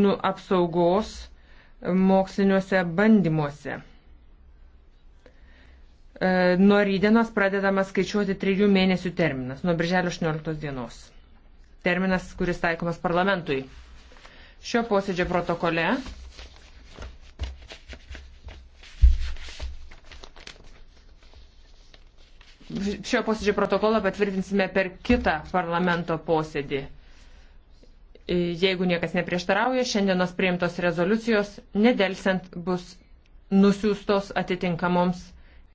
gyvūnų apsaugos moksliniuose bandymuose. E, nuo rydienos pradedamas skaičiuoti trijų mėnesių terminas, nuo birželio 18 dienos. Terminas, kuris taikomas parlamentui. Šio posėdžio protokole šio posėdžio protokolą patvirtinsime per kitą parlamento posėdį. E, jeigu niekas neprieštarauja, šiandienos priimtos rezoliucijos nedelsiant bus nusiųstos atitinkamoms